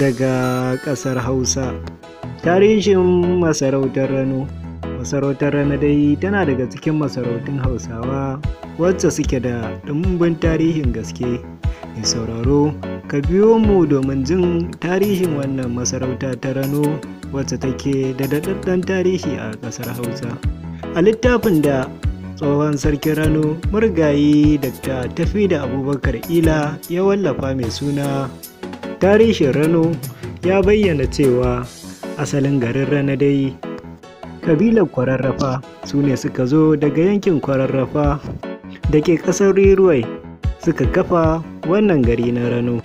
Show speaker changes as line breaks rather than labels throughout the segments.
daga ƙasar Hausa. Tarihin masarautar Rano Masarautar Rano dai tana daga cikin masarautun Hausawa wacce suke da ɗumbin tarihin gaske. In sauraro, ka biyo mu domin jin tarihin wannan masarauta ta Rano wacce take da daɗaɗɗen tarihi a ƙasar Hausa. A littafin da tsohon sarkin Rano, murgayi da ta Tafi da Abubakar Ila ya wallafa mai suna tarihin rano ya bayyana cewa asalin garin rana dai kabilar kwararrafa su ne suka zo daga yankin kwararrafa da ke ƙasar riruwai suka kafa wannan gari na rano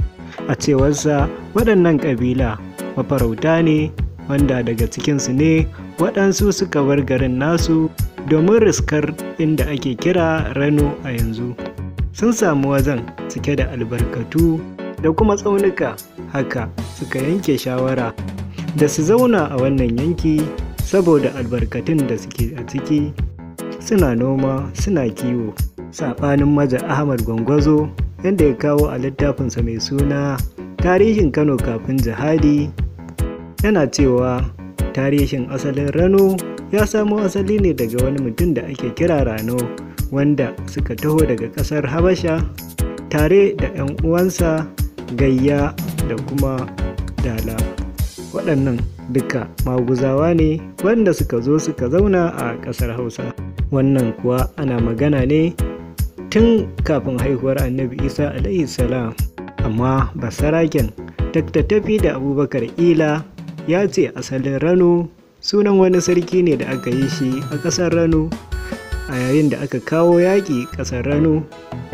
a cewarsa waɗannan ƙabila mafarauta ne wanda daga cikinsu ne waɗansu suka bar garin nasu domin riskar inda ake kira rano a yanzu sun samu wajen cike da albarkatu da kuma tsaunuka haka suka yanke shawara da su zauna a wannan yanki saboda albarkatun da suke a ciki suna noma suna kiwo saɓanin maza ahmad gwangwazo yadda ya kawo a littafinsa mai suna tarihin kano kafin jihadi yana cewa tarihin asalin rano ya samo asali ne daga wani mutum da ake kira rano wanda suka taho daga ƙasar habasha tare da 'yan uwansa gayya da kuma dala waɗannan duka maguzawa ne wanda suka zo suka zauna a ƙasar hausa wannan kuwa ana magana ne tun kafin haihuwar annabi isa salam amma saraken taktattafi da abubakar ila ya ce asalin rano sunan wani sarki ne da aka yi shi a ƙasar rano a yayin da aka kawo yaƙi ƙasar rano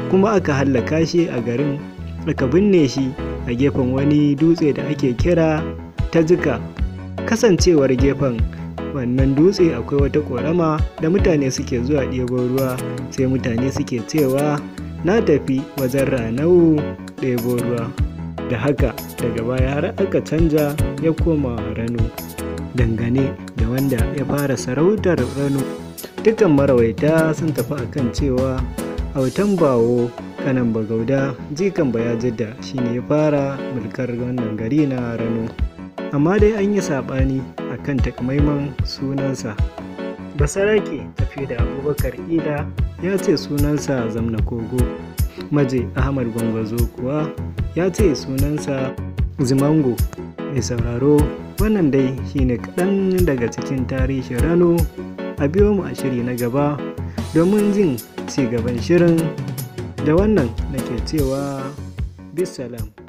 kuma aka hallaka shi a garin suka binne shi a gefen wani dutse da ake kira ta zika kasancewar gefen wannan dutse akwai wata korama da mutane suke zuwa ɗebo ruwa sai mutane suke cewa na tafi wajen ranau ɗebo ruwa da haka daga baya har aka canja ya koma rano dangane da wanda ya fara sarautar rano dukkan marawaita sun tafi akan cewa autan bawo kanan bagauda jikan shi ne ya fara mulkar wannan gari na rano amma dai an yi saɓani a kan takamaiman sunansa basarake tafi da abubakar ida ya ce sunansa zamna kogo maje ahmad gwangwazo kuwa ya ce sunansa zimango mai sauraro wannan dai shi ne kaɗan daga cikin tarihin rano a biyo mu a shiri na gaba domin jin cigaban shirin da wannan nake cewa bisalam